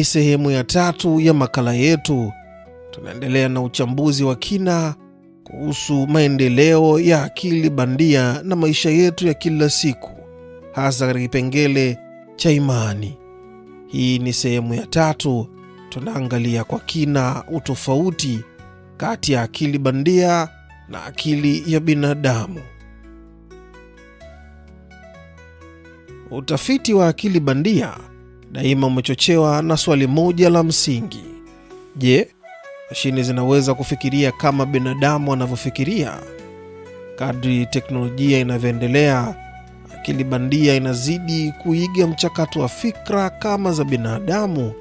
ni sehemu ya tatu ya makala yetu. Tunaendelea na uchambuzi wa kina kuhusu maendeleo ya akili bandia na maisha yetu ya kila siku, hasa katika kipengele cha imani. Hii ni sehemu ya tatu. Tunaangalia kwa kina utofauti kati ya akili bandia na akili ya binadamu. Utafiti wa akili bandia daima umechochewa na swali moja la msingi: je, mashine zinaweza kufikiria kama binadamu anavyofikiria? Kadri teknolojia inavyoendelea, akili bandia inazidi kuiga mchakato wa fikra kama za binadamu,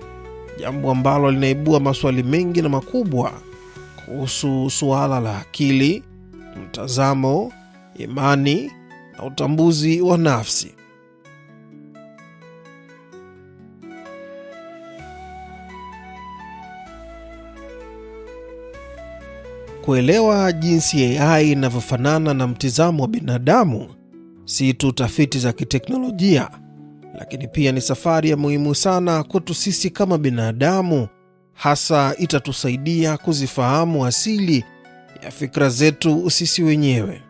jambo ambalo linaibua maswali mengi na makubwa kuhusu suala la akili, mtazamo, imani na utambuzi wa nafsi. Kuelewa jinsi AI inavyofanana na mtizamo wa binadamu si tu tafiti za kiteknolojia, lakini pia ni safari ya muhimu sana kwetu sisi kama binadamu. Hasa itatusaidia kuzifahamu asili ya fikra zetu sisi wenyewe.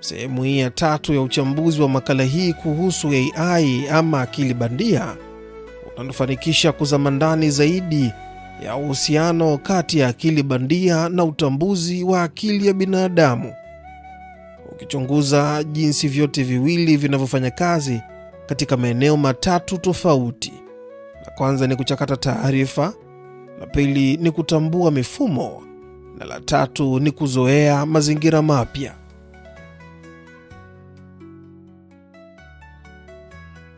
Sehemu hii ya tatu ya uchambuzi wa makala hii kuhusu AI ama akili bandia unatufanikisha kuzama ndani zaidi ya uhusiano kati ya akili bandia na utambuzi wa akili ya binadamu. Ukichunguza jinsi vyote viwili vinavyofanya kazi katika maeneo matatu tofauti, la kwanza ni kuchakata taarifa, la pili ni kutambua mifumo, na la tatu ni kuzoea mazingira mapya.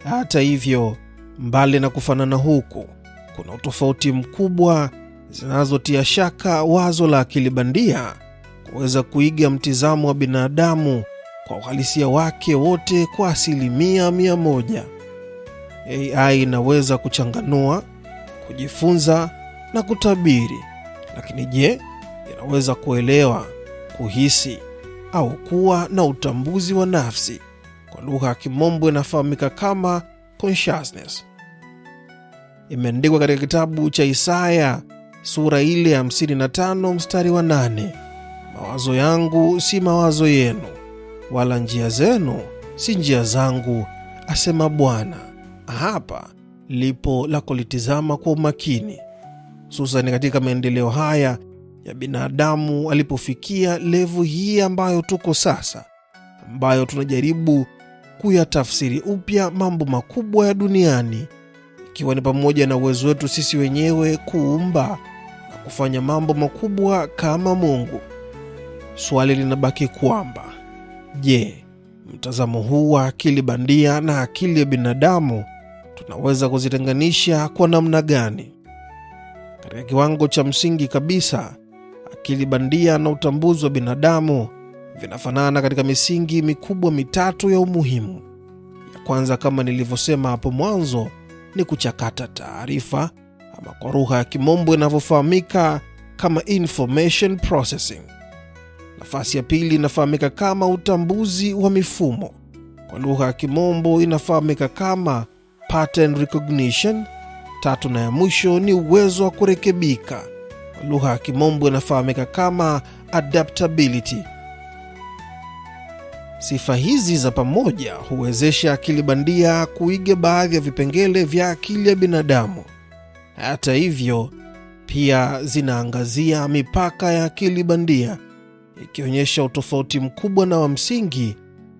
Hata hivyo, mbali na kufanana huku kuna utofauti mkubwa zinazotia shaka wazo la akili bandia kuweza kuiga mtizamo wa binadamu kwa uhalisia wake wote kwa asilimia mia moja. AI inaweza kuchanganua, kujifunza na kutabiri, lakini je, inaweza kuelewa, kuhisi au kuwa na utambuzi wa nafsi? Kwa lugha ya Kimombo inafahamika kama consciousness imeandikwa katika kitabu cha Isaya sura ile 55 mstari wa 8, mawazo yangu si mawazo yenu, wala njia zenu si njia zangu, asema Bwana. Hapa lipo la kulitizama kwa umakini, hususan katika maendeleo haya ya binadamu alipofikia levu hii ambayo tuko sasa, ambayo tunajaribu kuyatafsiri upya mambo makubwa ya duniani ikiwa ni pamoja na uwezo wetu sisi wenyewe kuumba na kufanya mambo makubwa kama Mungu. Swali linabaki kwamba je, mtazamo huu wa akili bandia na akili ya binadamu tunaweza kuzitenganisha kwa namna gani? Katika kiwango cha msingi kabisa, akili bandia na utambuzi wa binadamu vinafanana katika misingi mikubwa mitatu ya umuhimu. Ya kwanza, kama nilivyosema hapo mwanzo, ni kuchakata taarifa ama kwa lugha ya kimombo inavyofahamika kama information processing. Nafasi ya pili inafahamika kama utambuzi wa mifumo, kwa lugha ya kimombo inafahamika kama pattern recognition. Tatu na ya mwisho ni uwezo wa kurekebika, kwa lugha ya kimombo inafahamika kama adaptability. Sifa hizi za pamoja huwezesha akili bandia kuiga baadhi ya vipengele vya akili ya binadamu. Hata hivyo, pia zinaangazia mipaka ya akili bandia, ikionyesha utofauti mkubwa na wa msingi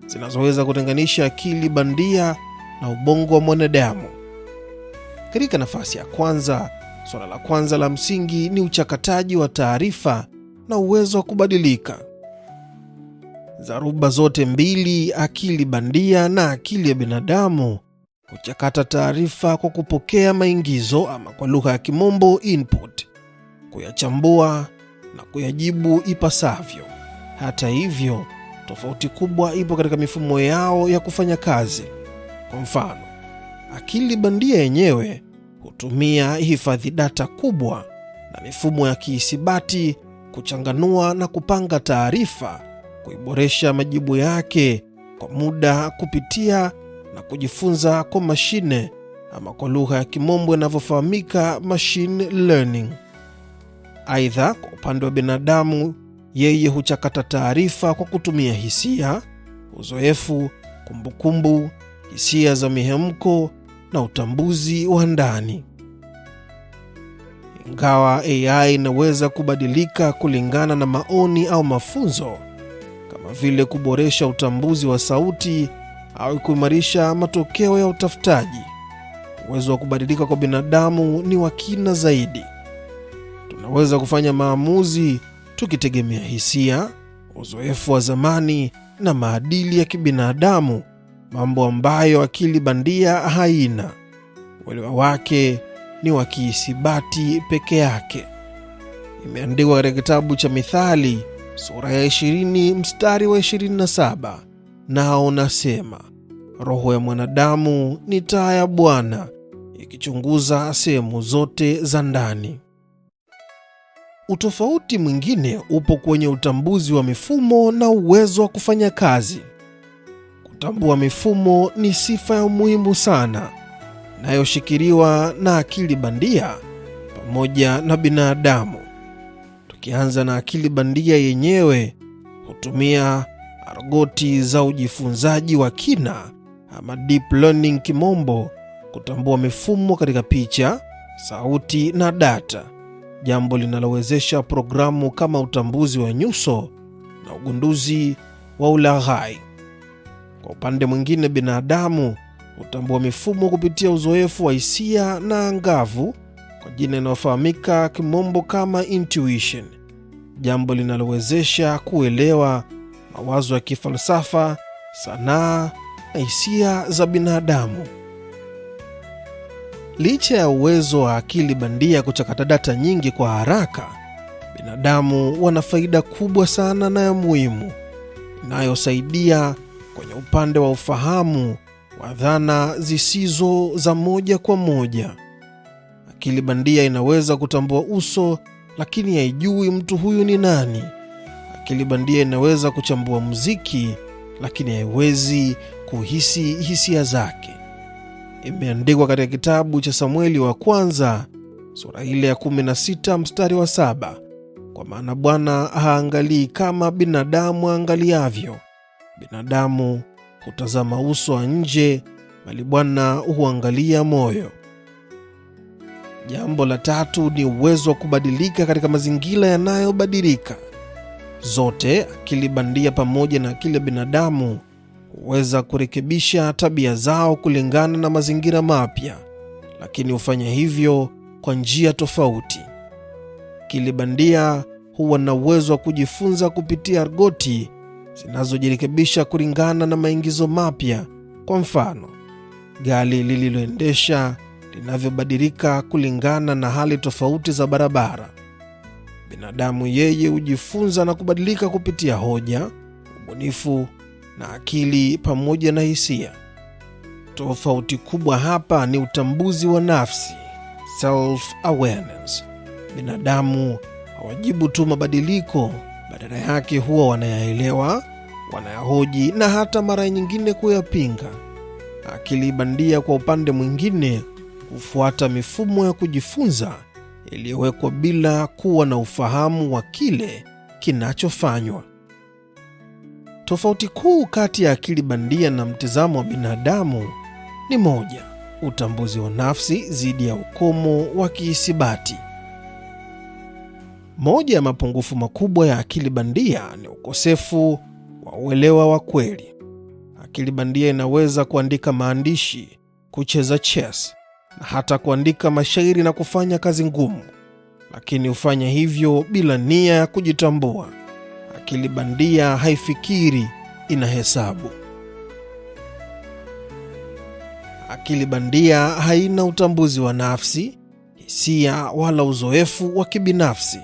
zinazoweza kutenganisha akili bandia na ubongo wa mwanadamu. Katika nafasi ya kwanza, suala la kwanza la msingi ni uchakataji wa taarifa na uwezo wa kubadilika. Dharuba zote mbili, akili bandia na akili ya binadamu, kuchakata taarifa kwa kupokea maingizo ama kwa lugha ya kimombo input, kuyachambua na kuyajibu ipasavyo. Hata hivyo, tofauti kubwa ipo katika mifumo yao ya kufanya kazi. Kwa mfano, akili bandia yenyewe hutumia hifadhi data kubwa na mifumo ya kihisabati kuchanganua na kupanga taarifa kuiboresha majibu yake kwa muda kupitia na kujifunza kwa mashine ama kwa lugha ya kimombo inavyofahamika machine learning. Aidha, kwa upande wa binadamu, yeye huchakata taarifa kwa kutumia hisia, uzoefu, kumbukumbu, hisia za mihemko na utambuzi wa ndani. Ingawa AI inaweza kubadilika kulingana na maoni au mafunzo vile kuboresha utambuzi wa sauti au kuimarisha matokeo ya utafutaji. Uwezo wa kubadilika kwa binadamu ni wa kina zaidi. Tunaweza kufanya maamuzi tukitegemea hisia, uzoefu wa zamani na maadili ya kibinadamu, mambo ambayo akili bandia haina. Uelewa wake ni wa kihisabati peke yake. Imeandikwa katika kitabu cha Mithali sura ya 20 mstari wa 27, nao nasema, roho ya mwanadamu ni taa ya Bwana, ikichunguza sehemu zote za ndani. Utofauti mwingine upo kwenye utambuzi wa mifumo na uwezo wa kufanya kazi. Kutambua mifumo ni sifa ya muhimu sana inayoshikiliwa na akili bandia pamoja na binadamu. Akianza na akili bandia yenyewe hutumia argoti za ujifunzaji wa kina ama deep learning kimombo, kutambua mifumo katika picha, sauti na data, jambo linalowezesha programu kama utambuzi wa nyuso na ugunduzi wa ulaghai. Kwa upande mwingine, binadamu hutambua mifumo kupitia uzoefu wa hisia na angavu kwa jina inayofahamika kimombo kama intuition, jambo linalowezesha kuelewa mawazo ya kifalsafa, sanaa na hisia za binadamu. Licha ya uwezo wa akili bandia kuchakata data nyingi kwa haraka, binadamu wana faida kubwa sana na ya muhimu inayosaidia kwenye upande wa ufahamu wa dhana zisizo za moja kwa moja. Akili bandia inaweza kutambua uso, lakini haijui mtu huyu ni nani. Akili bandia inaweza kuchambua muziki, lakini haiwezi kuhisi hisia zake. Imeandikwa katika kitabu cha Samueli wa kwanza sura ile ya 16 mstari wa saba kwa maana Bwana haangalii kama binadamu aangaliavyo. Binadamu hutazama uso wa nje, bali Bwana huangalia moyo. Jambo la tatu ni uwezo wa kubadilika katika mazingira yanayobadilika. Zote akili bandia pamoja na akili ya binadamu huweza kurekebisha tabia zao kulingana na mazingira mapya, lakini hufanya hivyo kwa njia tofauti. Akili bandia huwa na uwezo wa kujifunza kupitia argoti zinazojirekebisha kulingana na maingizo mapya. Kwa mfano, gari lililoendesha linavyobadilika kulingana na hali tofauti za barabara. Binadamu yeye hujifunza na kubadilika kupitia hoja, ubunifu na akili pamoja na hisia. Tofauti kubwa hapa ni utambuzi wa nafsi, self awareness. Binadamu hawajibu tu mabadiliko, badala yake huwa wanayaelewa, wanayahoji na hata mara nyingine kuyapinga. Akili bandia, kwa upande mwingine, hufuata mifumo ya kujifunza iliyowekwa bila kuwa na ufahamu wa kile kinachofanywa. Tofauti kuu kati ya akili bandia na mtizamo wa binadamu ni moja, utambuzi wa nafsi dhidi ya ukomo wa kihisibati. Moja ya mapungufu makubwa ya akili bandia ni ukosefu wa uelewa wa kweli. Akili bandia inaweza kuandika maandishi, kucheza chess hata kuandika mashairi na kufanya kazi ngumu, lakini hufanya hivyo bila nia ya kujitambua. Akili bandia haifikiri, inahesabu. Akili bandia haina utambuzi wa nafsi, hisia wala uzoefu wa kibinafsi.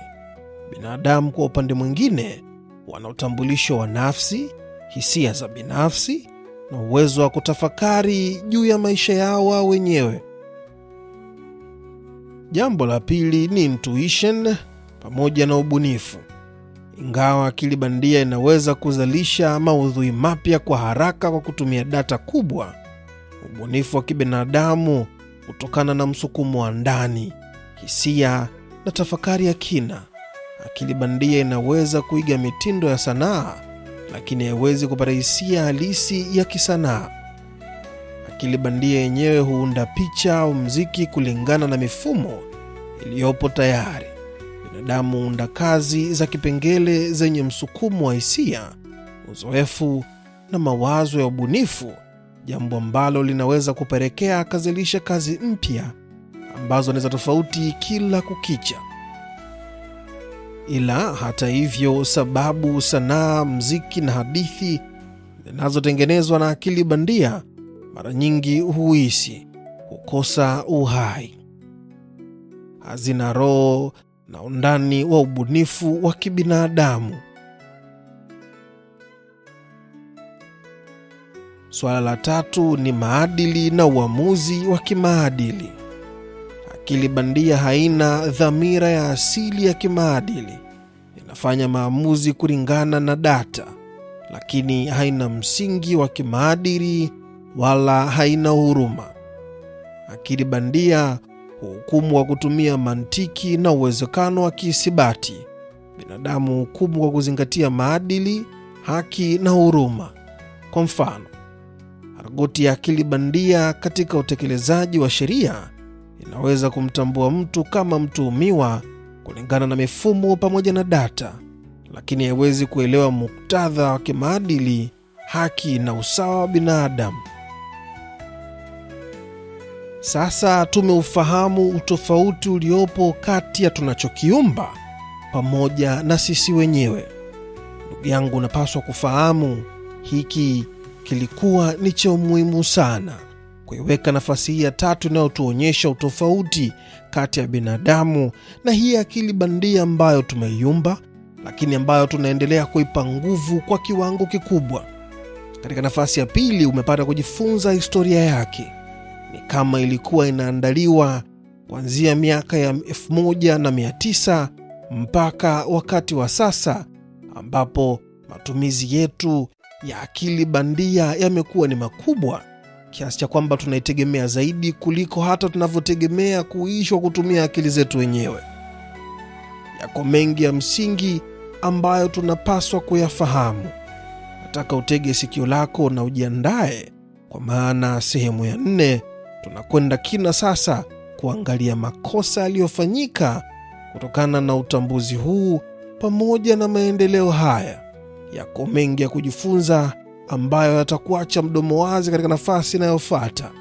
Binadamu kwa upande mwingine, wana utambulisho wa nafsi, hisia za binafsi na uwezo wa kutafakari juu ya maisha yao wenyewe Jambo la pili ni intuition pamoja na ubunifu. Ingawa akili bandia inaweza kuzalisha maudhui mapya kwa haraka kwa kutumia data kubwa, ubunifu wa kibinadamu hutokana na msukumo wa ndani, hisia na tafakari ya kina. Akili bandia inaweza kuiga mitindo ya sanaa, lakini haiwezi kupata hisia halisi ya kisanaa akili bandia yenyewe huunda picha au mziki kulingana na mifumo iliyopo tayari. Binadamu huunda kazi za kipengele zenye msukumo wa hisia, uzoefu na mawazo ya ubunifu, jambo ambalo linaweza kupelekea akazilisha kazi mpya ambazo ni za tofauti kila kukicha. Ila hata hivyo, sababu sanaa, mziki na hadithi zinazotengenezwa na akili bandia mara nyingi huishi hukosa uhai, hazina roho na undani wa ubunifu wa kibinadamu. Suala la tatu ni maadili na uamuzi wa kimaadili. Akili bandia haina dhamira ya asili ya kimaadili, inafanya maamuzi kulingana na data, lakini haina msingi wa kimaadili wala haina huruma. Akili bandia huhukumu kwa kutumia mantiki na uwezekano wa kisibati Binadamu hukumu kwa kuzingatia maadili, haki na huruma. Kwa mfano, argoti ya akili bandia katika utekelezaji wa sheria inaweza kumtambua mtu kama mtuhumiwa kulingana na mifumo pamoja na data, lakini haiwezi kuelewa muktadha wa kimaadili, haki na usawa wa binadamu. Sasa tumeufahamu utofauti uliopo kati ya tunachokiumba pamoja na sisi wenyewe. Ndugu yangu, unapaswa kufahamu hiki kilikuwa ni cha umuhimu sana kuiweka nafasi hii ya tatu inayotuonyesha utofauti kati ya binadamu na hii akili bandia ambayo tumeiumba, lakini ambayo tunaendelea kuipa nguvu kwa kiwango kikubwa. Katika nafasi ya pili, umepata kujifunza historia yake ni kama ilikuwa inaandaliwa kuanzia miaka ya 1900 mpaka wakati wa sasa ambapo matumizi yetu ya akili bandia yamekuwa ni makubwa kiasi cha kwamba tunaitegemea zaidi kuliko hata tunavyotegemea kuishwa kutumia akili zetu wenyewe. Yako mengi ya msingi ambayo tunapaswa kuyafahamu. Nataka utege sikio lako na ujiandae, kwa maana sehemu ya nne tunakwenda kina sasa kuangalia makosa yaliyofanyika kutokana na utambuzi huu. Pamoja na maendeleo haya, yako mengi ya kujifunza ambayo yatakuacha mdomo wazi katika nafasi inayofuata.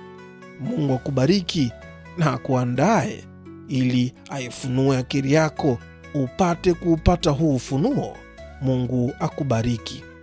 Mungu akubariki na akuandaye ili aifunue akili yako upate kuupata huu ufunuo. Mungu akubariki.